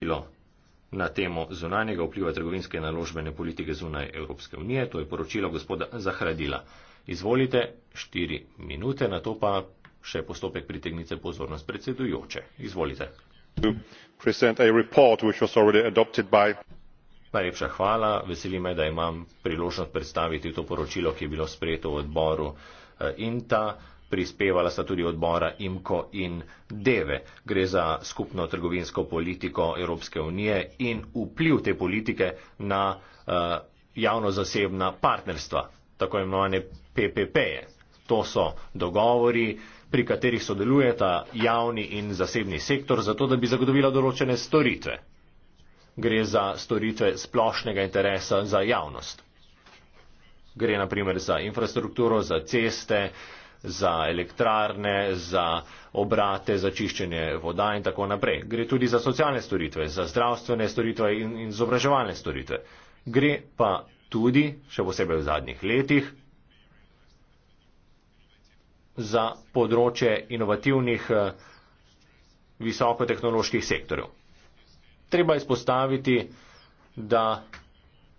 poročilo na temo zunanjega vpliva trgovinske naložbene politike zunaj Evropske unije. To je poročilo gospoda Zahradila. Izvolite, štiri minute, na to pa še postopek pritegnice pozornost predsedujoče. Izvolite. Najlepša hvala. Veseli me, da imam priložnost predstaviti to poročilo, ki je bilo sprejeto v odboru eh, INTA. Prispevala sta tudi odbora IMKO in DEVE. Gre za skupno trgovinsko politiko Evropske unije in vpliv te politike na uh, javno-zasebna partnerstva, tako imenovane PPP-je. To so dogovori, pri katerih sodelujeta javni in zasebni sektor, zato da bi zagotovila določene storitve. Gre za storitve splošnega interesa za javnost. Gre naprimer za infrastrukturo, za ceste, uh, za elektrarne, za obrate, za čiščenje voda in tako naprej. Gre tudi za socialne storitve, za zdravstvene storitve in, in izobraževalne storitve. Gre pa tudi, še posebej v zadnjih letih, za področje inovativnih eh, visokotehnoloških sektorjev. Treba izpostaviti, da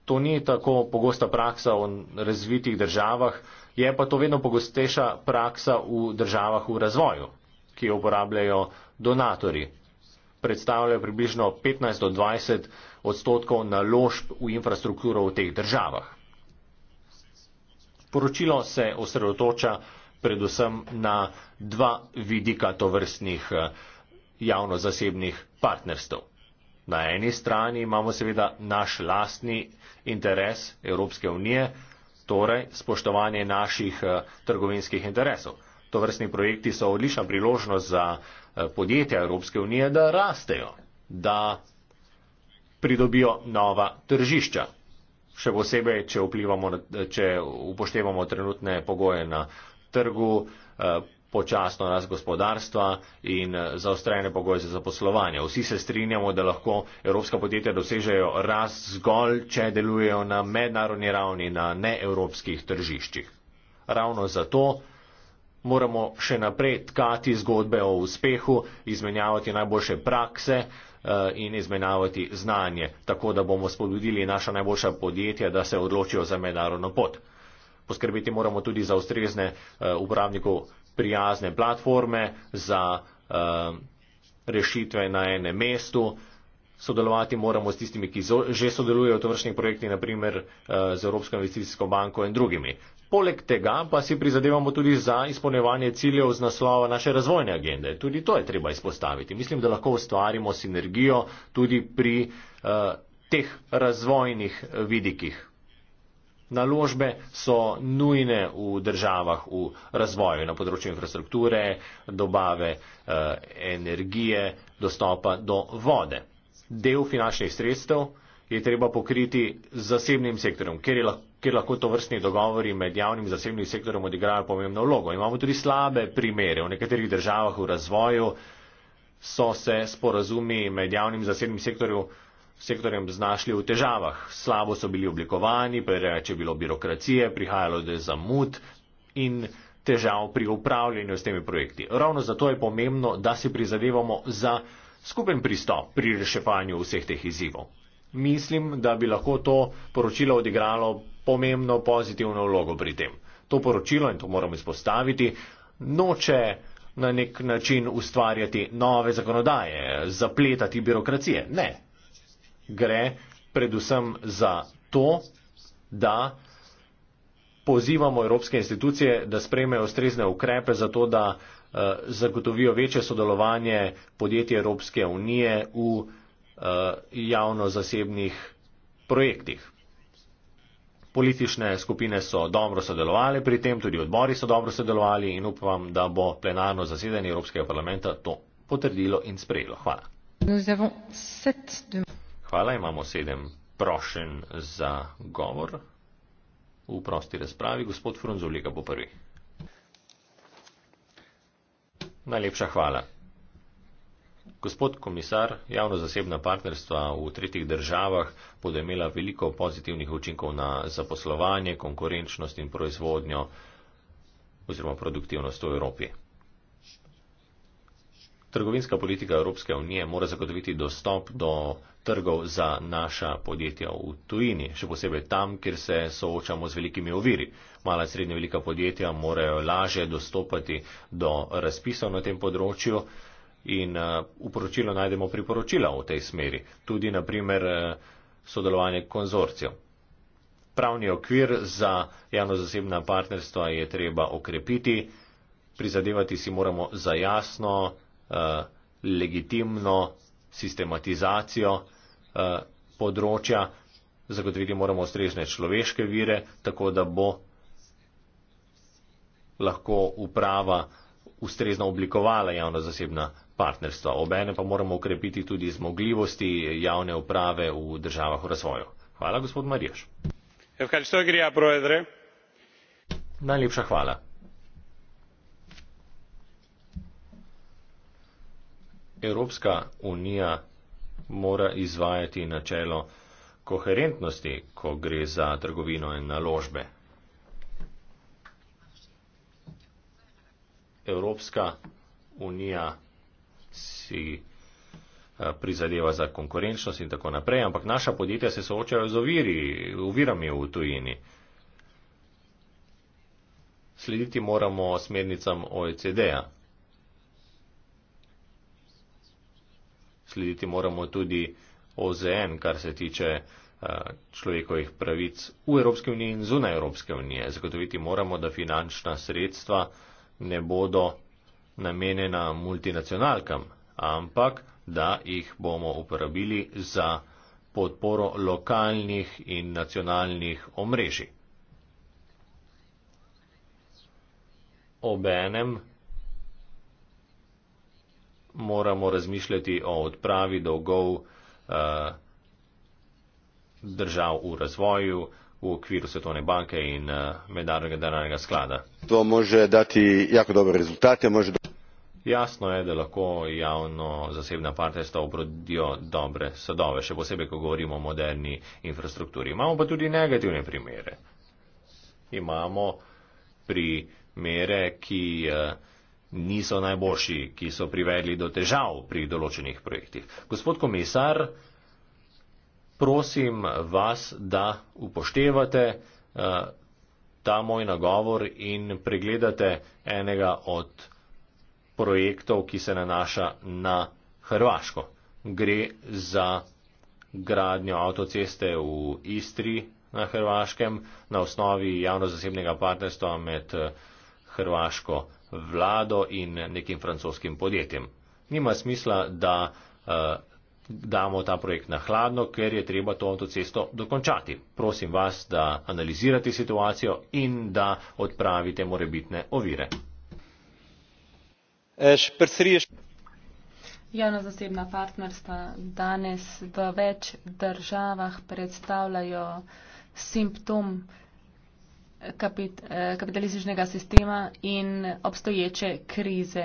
to ni tako pogosta praksa v razvitih državah, je pa to vedno pogostejša praksa v državah v razvoju, ki jo uporabljajo donatori. Predstavljajo približno 15 do 20 odstotkov naložb v infrastrukturo v teh državah. Poročilo se osredotoča predvsem na dva vidika tovrstnih eh, javno-zasebnih partnerstv. Na eni strani imamo seveda naš lastni interes Evropske unije, torej spoštovanje naših eh, trgovinskih interesov. To vrstni projekti so odlična priložnost za eh, podjetja Evropske unije, da rastejo, da pridobijo nova tržišča. Še posebej, če, na, če upoštevamo trenutne pogoje na trgu, eh, počasno rast gospodarstva in eh, zaostrajene pogoje za zaposlovanje. Vsi se strinjamo, da lahko evropska podjetja dosežejo rast zgolj, če delujejo na mednarodni ravni, na neevropskih tržiščih. Ravno zato moramo še naprej tkati zgodbe o uspehu, izmenjavati najboljše prakse eh, in izmenjavati znanje, tako da bomo spodbudili naša najboljša podjetja, da se odločijo za mednarodno pot. Poskrbeti moramo tudi za ustrezne eh, uporabnikov prijazne platforme za eh, rešitve na enem mestu. Sodelovati moramo s tistimi, ki že sodelujejo v tovršnih projektih, naprimer eh, z Evropsko investicijsko banko in drugimi. Poleg tega pa si prizadevamo tudi za izpolnevanje ciljev z naslova naše razvojne agende. Tudi to je treba izpostaviti. Mislim, da lahko ustvarimo sinergijo tudi pri uh, teh razvojnih vidikih. Naložbe so nujne v državah v razvoju na področju infrastrukture, dobave eh, energije, dostopa do vode. Del finančnih sredstev je treba pokriti z zasebnim sektorjem, ker, lahko, ker lahko to vrstni dogovori med javnim in zasebnim sektorjem odigrajo pomembno vlogo. Imamo tudi slabe primere. V nekaterih državah v razvoju so se sporazumi med javnim in zasebnim sektorjem sektorjem znašli v težavah. Slabo so bili oblikovani, preveč je bilo birokracije, prihajalo je zamud in težav pri upravljanju s temi projekti. Ravno zato je pomembno, da si prizadevamo za skupen pristop pri reševanju vseh teh izzivov. Mislim, da bi lahko to poročilo odigralo pomembno pozitivno vlogo pri tem. To poročilo, in to moram izpostaviti, noče na nek način ustvarjati nove zakonodaje, zapletati birokracije. Ne, gre predvsem za to, da pozivamo evropske institucije, da spremejo ustrezne ukrepe za to, da uh, zagotovijo večje sodelovanje podjetij Evropske unije v uh, javno-zasebnih projektih. Politične skupine so dobro sodelovali pri tem, tudi odbori so dobro sodelovali in upam, da bo plenarno zasedanje Evropskega parlamenta to potrdilo in sprejelo. Hvala hvala. Imamo sedem prošen za govor v prosti razpravi. Gospod Frunzulika bo prvi. Najlepša hvala. Gospod komisar, javno-zasebna partnerstva v tretjih državah bodo imela veliko pozitivnih učinkov na zaposlovanje, konkurenčnost in proizvodnjo oziroma produktivnost v Evropi. Trgovinska politika Evropske unije mora zagotoviti dostop do trgov za naša podjetja v tujini, še posebej tam, kjer se soočamo z velikimi oviri. Mala in srednje velika podjetja morajo laže dostopati do razpisov na tem področju in eh, v poročilu najdemo priporočila v tej smeri, tudi naprimer eh, sodelovanje konzorcijo. Pravni okvir za javno-zasebna partnerstva je treba okrepiti, prizadevati si moramo za jasno, Eh, legitimno sistematizacijo eh, področja, zagotoviti moramo ustrezne človeške vire, tako da bo lahko uprava ustrezno oblikovala javno-zasebna partnerstva. Obene pa moramo ukrepiti tudi zmogljivosti javne uprave v državah v razvoju. Hvala, gospod Marijaš. Najlepša hvala. Evropska unija mora izvajati načelo koherentnosti, ko gre za trgovino in naložbe. Evropska unija si eh, prizadeva za konkurenčnost in tako naprej, ampak naša podjetja se soočajo z oviri, ovirami v tujini. Slediti moramo smernicam OECD-a. slediti moramo tudi OZN, kar se tiče eh, človekovih pravic v Evropske unije in zunaj Evropske unije. Zagotoviti moramo, da finančna sredstva ne bodo namenjena multinacionalkam, ampak da jih bomo uporabili za podporo lokalnih in nacionalnih omrežij. Obenem moramo razmišljati o odpravi dolgov eh, držav v razvoju v okviru Svetovne banke in eh, Mednarodnega denarnega sklada. To može dati jako dobre rezultate. Može... Jasno je, da lahko javno zasebna partnerstva obrodijo dobre sadove, še posebej, ko govorimo o moderni infrastrukturi. Imamo pa tudi negativne primere. Imamo primere, ki uh, niso najboljši, ki so privedli do težav pri določenih projektih. Gospod komisar, prosim vas, da upoštevate eh, ta moj nagovor in pregledate enega od projektov, ki se nanaša na Hrvaško. Gre za gradnjo avtoceste v Istri na Hrvaškem na osnovi javno-zasebnega partnerstva med eh, Hrvaško in Hrvaško vlado in nekim francoskim podjetjem. Nima smisla, da uh, damo ta projekt na hladno, ker je treba to avtocesto dokončati. Prosim vas, da analizirate situacijo in da odpravite morebitne ovire. Javno zasebna partnerstva danes v več državah predstavljajo simptom kapit, eh, kapitalističnega sistema in obstoječe krize.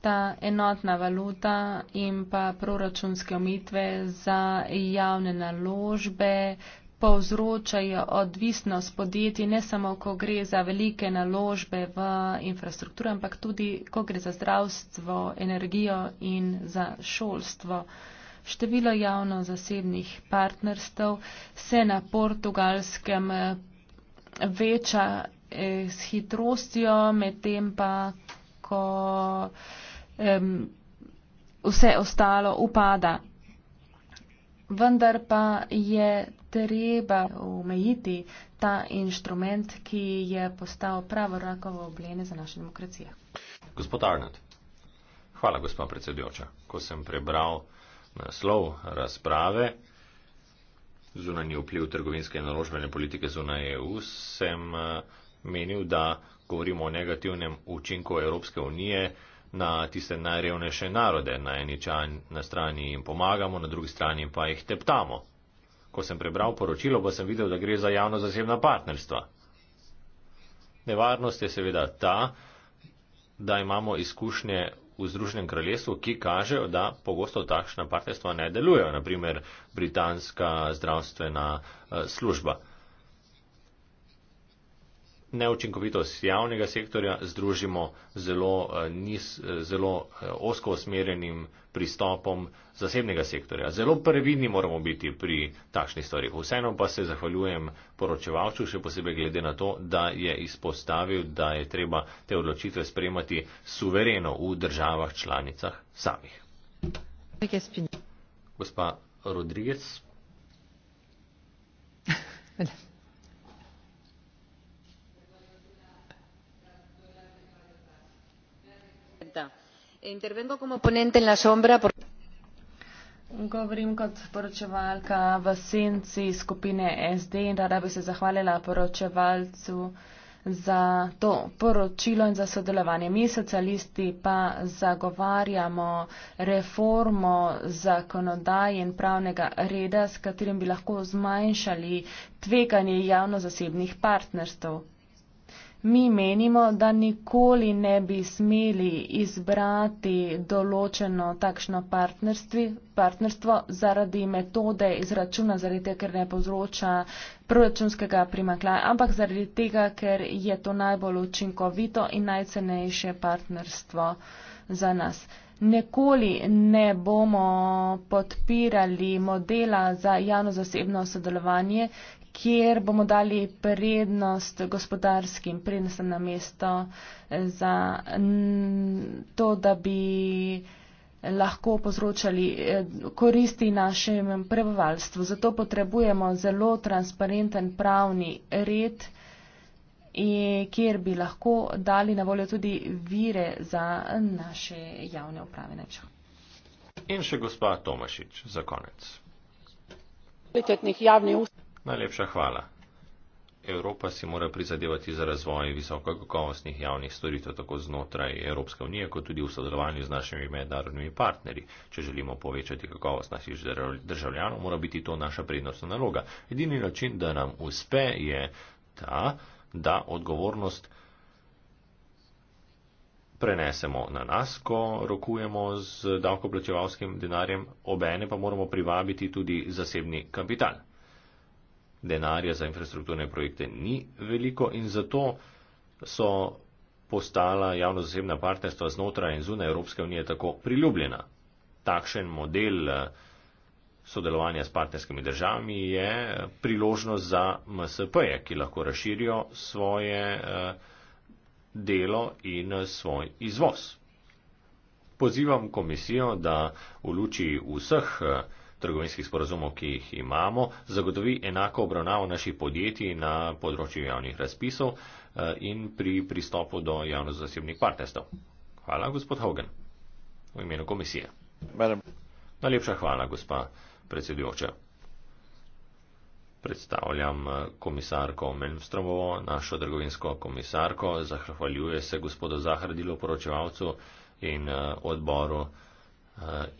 Ta enotna valuta in pa proračunske omitve za javne naložbe povzročajo odvisnost podjetij, ne samo, ko gre za velike naložbe v infrastrukturo, ampak tudi, ko gre za zdravstvo, energijo in za šolstvo. Eh, Število javno-zasebnih partnerstv se na portugalskem eh, veča eh, s hitrostjo, medtem pa, ko um, vse ostalo upada. Vendar pa je treba omejiti ta inštrument, ki je postal pravo rakovo oblene za naše demokracije. Gospod Arnett, hvala gospod predsedujoča. Ko sem prebral naslov razprave. Zunanji vpliv trgovinske in naložbene politike zunaj EU sem eh, menil, da govorimo o negativnem učinku Evropske unije na tiste najrevnejše narode. Na eni čan, na strani jim pomagamo, na drugi strani pa jih teptamo. Ko sem prebral poročilo, pa sem videl, da gre za javno-zasebna partnerstva. Nevarnost je seveda ta, da imamo izkušnje v Združenem kraljestvu, ki kažejo, da pogosto takšna partnerstva ne delujejo, naprimer britanska zdravstvena eh, služba neučinkovitost javnega sektorja združimo zelo, eh, niz, eh, zelo eh, osko osmerjenim pristopom zasebnega sektorja. Zelo previdni moramo biti pri takšnih stvarih. Vseeno pa se zahvaljujem poročevalcu, še posebej glede na to, da je izpostavil, da je treba te odločitve spremati suvereno v državah članicah samih. Gospa Rodriguez. Eh, intervengo como ponente en la sombra porque Govorim kot poročevalka v senci skupine SD in rada bi se zahvalila poročevalcu za to poročilo in za sodelovanje. Mi socialisti pa zagovarjamo reformo zakonodaje in pravnega reda, s katerim bi lahko zmanjšali tveganje javno-zasebnih partnerstv. Mi menimo, da nikoli ne bi smeli izbrati določeno takšno partnerstvo zaradi metode izračuna, zaradi tega, ker ne povzroča proračunskega primaklaja, ampak zaradi tega, ker je to najbolj učinkovito in najcenejše partnerstvo za nas. Nikoli ne bomo podpirali modela za javno-zasebno sodelovanje, kjer bomo dali prednost gospodarskim, prednost na mesto za to, da bi lahko povzročali eh, koristi našem prebivalstvu. Zato potrebujemo zelo transparenten pravni red, eh, kjer bi lahko dali na voljo tudi vire za naše javne uprave. Najprej. In še gospa Tomašič za konec. Kvalitetnih javnih ustanov. Najlepša hvala. Evropa si mora prizadevati za razvoj visokokakovostnih javnih storitev tako znotraj Evropske unije, kot tudi v sodelovanju z našimi mednarodnimi partnerji. Če želimo povečati kakovost naših državljanov, mora biti to naša prednostna naloga. Edini način, da nam uspe, je ta, da odgovornost prenesemo na nas, ko rokujemo z davkoplačevalskim denarjem, obene pa moramo privabiti tudi zasebni kapital denarja za infrastrukturne projekte ni veliko in zato so postala javno-zasebna partnerstva znotraj in zunaj Evropske unije tako priljubljena. Takšen model eh, sodelovanja s partnerskimi državami je eh, priložnost za MSP-je, ki lahko razširijo svoje eh, delo in svoj izvoz. Pozivam komisijo, da v luči vseh trgovinskih sporazumov, ki jih imamo, zagotovi enako obravnavo naših podjetij na področju javnih razpisov eh, in pri pristopu do javno-zasebnih partnerstv. Hvala, gospod Hogan, v imenu komisije. Madam. Najlepša hvala, gospa predsedujoča. Predstavljam eh, komisarko Melmstromovo, našo trgovinsko komisarko. Zahvaljuje se gospodu Zahradilu, poročevalcu in eh, odboru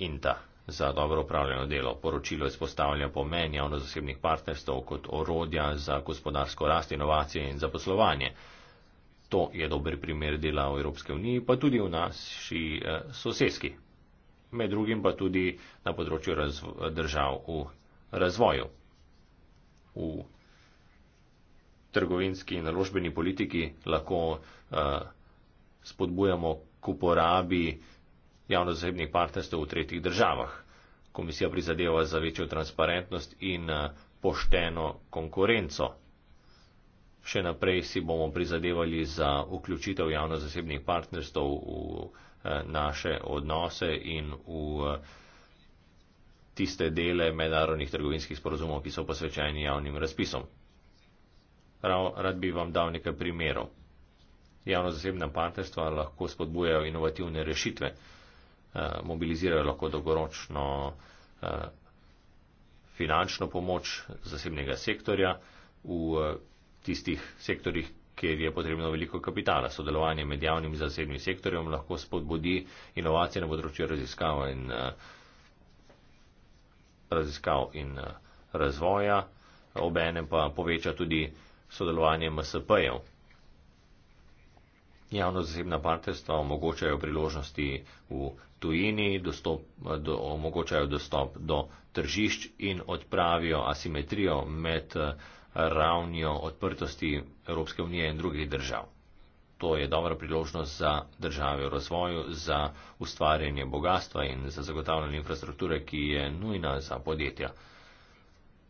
INTA za dobro upravljeno delo. Poročilo izpostavlja pomen javno-zasebnih partnerstv kot orodja za gospodarsko rast, inovacije in zaposlovanje. To je dober primer dela v Evropske uniji, pa tudi v naši eh, soseski. Med drugim pa tudi na področju držav v razvoju. V trgovinski in naložbeni politiki lahko uh, spodbujamo k uporabi uh, javno-zasebnih partnerstev v tretjih državah. Komisija prizadeva za večjo transparentnost in eh, pošteno konkurenco. Še naprej si bomo prizadevali za vključitev javno-zasebnih partnerstev v eh, naše odnose in v eh, tiste dele mednarodnih trgovinskih sporozumov, ki so posvečeni javnim razpisom. Rad bi vam dal nekaj primerov. Javno-zasebna partnerstva lahko spodbujajo inovativne rešitve. Eh, mobilizirajo lahko dolgoročno eh, finančno pomoč zasebnega sektorja v eh, tistih sektorjih, kjer je potrebno veliko kapitala. Sodelovanje med javnim in zasebnim sektorjem lahko spodbudi inovacije na področju raziskav in, raziskav in razvoja, obenem pa poveča tudi sodelovanje MSP-jev. Javno-zasebna partnerstva omogočajo priložnosti v tujini, dostop, do, omogočajo dostop do tržišč in odpravijo asimetrijo med ravnjo odprtosti Evropske unije in drugih držav. To je dobra priložnost za države v razvoju, za ustvarjanje bogatstva in za zagotavljanje infrastrukture, ki je nujna za podjetja.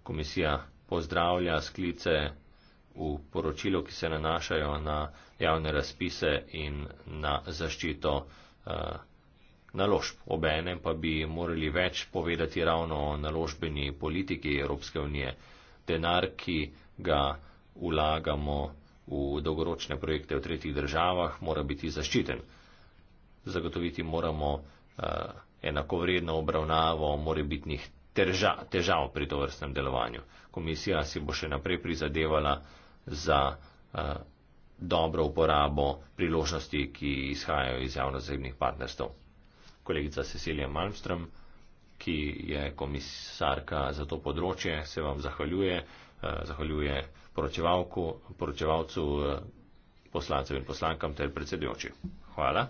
Komisija pozdravlja sklice v poročilu, ki se nanašajo na javne razpise in na zaščito eh, naložb. Obenem pa bi morali več povedati ravno o naložbeni politiki Evropske unije. Denar, ki ga vlagamo v dolgoročne projekte v tretjih državah, mora biti zaščiten. Zagotoviti moramo eh, enakovredno obravnavo morebitnih težav pri to vrstnem delovanju. Komisija si bo še naprej prizadevala za eh, dobro uporabo priložnosti, ki izhajajo iz javno-zasebnih partnerstv. Kolegica Cecilija Malmström, ki je komisarka za to področje, se vam zahvaljuje, eh, zahvaljuje poročevalcu, eh, poslancev in poslankam ter predsedujoči. Hvala.